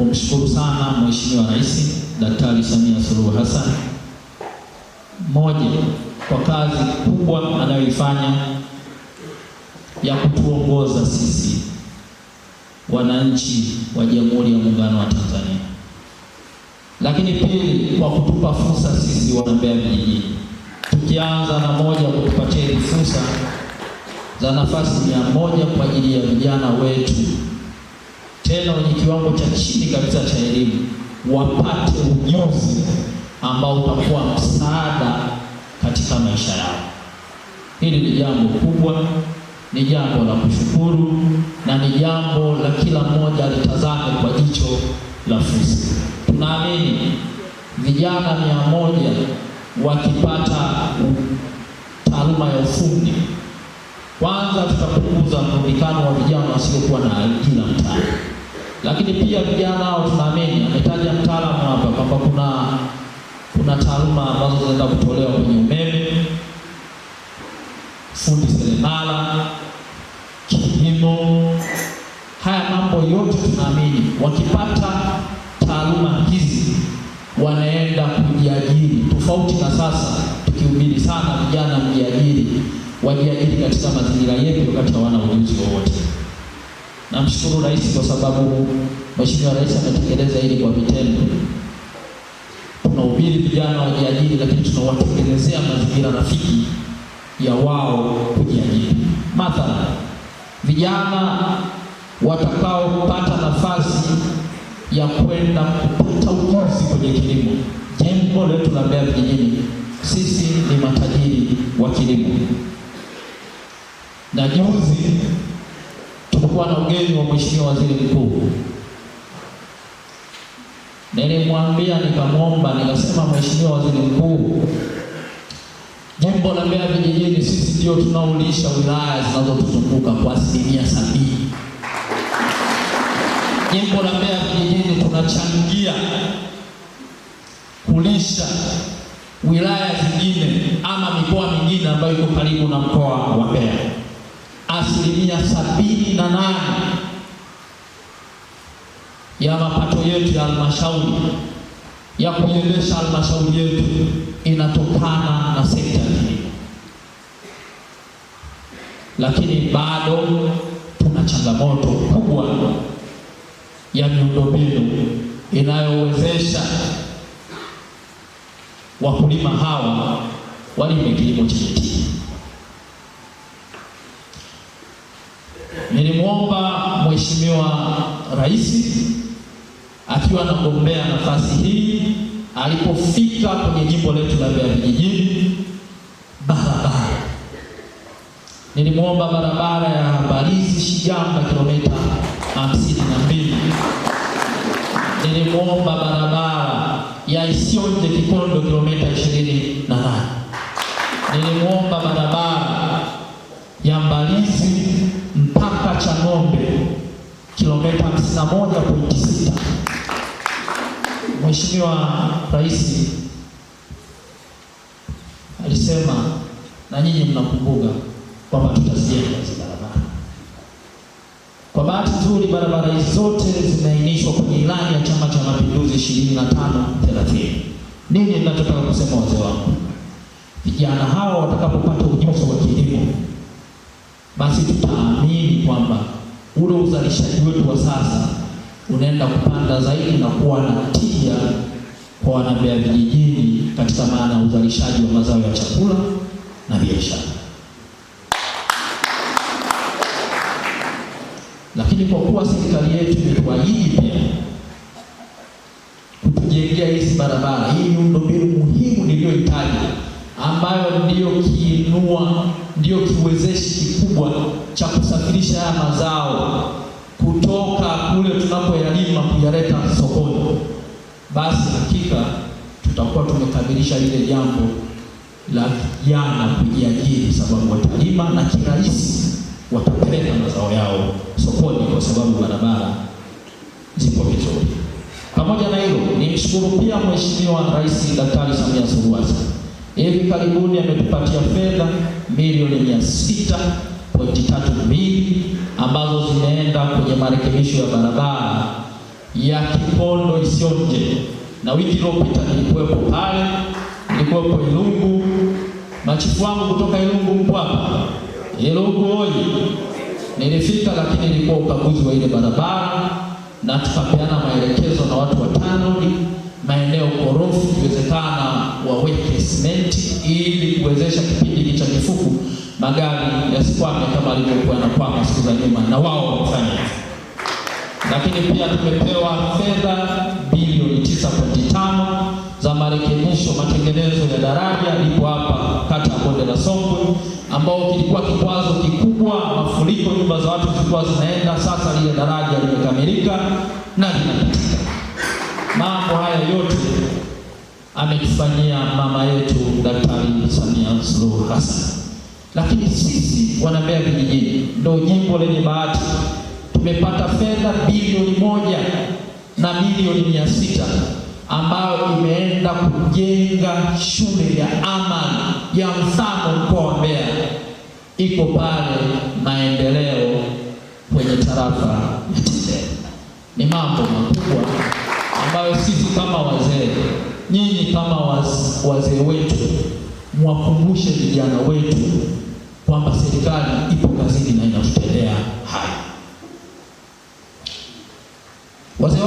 kumshukuru sana Mheshimiwa Rais Daktari Samia Suluhu Hassan, moja kwa kazi kubwa anayoifanya ya kutuongoza sisi wananchi wa Jamhuri ya Muungano wa Tanzania, lakini pili kwa kutupa fursa sisi wana Mbeya vijijini, tukianza na moja kutupatia fursa za nafasi mia moja kwa ajili ya vijana wetu tena wenye kiwango cha chini kabisa cha elimu wapate ujuzi ambao utakuwa msaada katika maisha yao. Hili ni jambo kubwa, ni jambo la kushukuru na ni jambo la kila mmoja alitazame kwa jicho la fursa. Tunaamini vijana mia moja wakipata taaluma ya ufundi, kwanza tutapunguza mrundikano wa vijana wasiokuwa na ajira mtaani. Lakini pia vijana au tunaamini ametaja mtaalamu hapa kwamba kuna kuna taaluma ambazo zinaenda kutolewa kwenye umeme, fundi seremala, kilimo. Haya mambo yote tunaamini wakipata taaluma hizi wanaenda kujiajiri, tofauti na sasa tukihubiri sana vijana mjiajiri, wajiajiri katika mazingira yetu wakati hawana ujuzi wowote. Namshukuru rais kwa sababu mheshimiwa rais ametekeleza hili kwa vitendo. Tunahubiri vijana wajiajiri, lakini tunawatengenezea mazingira rafiki ya wao kujiajiri. Mathalan, vijana watakaopata nafasi ya kwenda kupata ujuzi kwenye kilimo, jengo letu la Mbeya vijijini, sisi ni matajiri wa kilimo na juzi tulipokuwa na ugeni wa Mheshimiwa Waziri Mkuu, nilimwambia nikamwomba, nikasema, Mheshimiwa Waziri Mkuu, jimbo la Mbeya vijijini sisi ndio tunaulisha wilaya zinazotuzunguka kwa asilimia sabini. Jimbo la Mbeya vijijini tunachangia kulisha wilaya zingine ama mikoa mingine ambayo iko karibu na mkoa wa Mbeya asilimia sabini na nane ya mapato yetu ya halmashauri ya kuendesha halmashauri yetu inatokana na sekta ya kilimo, lakini bado tuna changamoto kubwa ya miundombinu inayowezesha wakulima hawa walime kilimo rais akiwa anagombea nafasi hii, alipofika kwenye jimbo letu la Mbeya vijijini, barabara nilimwomba barabara ya Mbalizi Shigamba kilomita hamsini na mbili nilimwomba barabara ya Isionje Kikondo kilomita ishirini na nane nilimwomba barabara ya Mbalizi mpaka Chang'ombe 51.6. Mheshimiwa Rais alisema na nyinyi mnakumbuka kwamba tutazijenga hizi barabara. Kwa bahati nzuri, barabara hizi zote zimeainishwa kwenye ilani ya Chama cha Mapinduzi 25 30. Nini ninachotaka kusema wazee wangu, vijana hawa watakapopata ujuzi wa kilimo, basi tutaamini kwamba ule uzalishaji wetu wa sasa unaenda kupanda zaidi na kuwa na tija kwa wanambea vijijini katika maana ya uzalishaji wa mazao ya chakula na biashara. Lakini kwa kuwa serikali yetu imetuahidi pia kutujengea hizi barabara, hii miundombinu muhimu niliyohitaji ambayo ndiyo kiinua, ndiyo kiwezeshi kikubwa cha kusafirisha haya mazao kutoka kule tunapoyalima kuyaleta sokoni, basi hakika tutakuwa tumekamilisha lile jambo la vijana kujiajiri, sababu watalima na kirahisi watapeleka mazao yao sokoni, kwa sababu barabara zipo vizuri. Pamoja na hilo, nimshukuru pia Mheshimiwa Rais Daktari Samia Suluhu Hassan hivi karibuni ametupatia fedha milioni mia sita pointi tatu mbili ambazo zinaenda kwenye marekebisho ya barabara ya Kipondo Isionje, na wiki iliyopita nilikuwepo pale, nilikuwepo Ilungu, machifu wangu kutoka Ilungu Mpwapa, Ilungu Oji nilifika, lakini ilikuwa ukaguzi wa ile barabara na tukapeana maelekezo na watu watano maeneo korofu ikiwezekana waweke simenti ili kuwezesha kipindi cha kifuku magari yasikwame kama alivyokuwa yanakwama siku za nyuma, na wao wafanye. Lakini pia tumepewa fedha bilioni 9.5 za marekebisho, matengenezo ya daraja lipo hapa kata ya bonde la Songwe, ambao kilikuwa kikwazo kikubwa, mafuriko, nyumba za watu zilikuwa zinaenda. Sasa lile daraja limekamilika na linapitika. Mambo haya yote ametufanyia mama yetu Daktari Samia Suluhu Hassan. Lakini sisi wana Mbeya vijijini ndio jimbo lenye bahati, tumepata fedha bilioni moja na bilioni mia sita ambayo imeenda kujenga shule ya amani ya mfano mkoa wa Mbeya, iko pale maendeleo kwenye tarafa ya Tindele. Ni mambo makubwa ambayo sisi kama wazee, nyinyi kama wazee wetu, mwakumbushe vijana wetu kwamba serikali ipo kazini na inatutendea haya.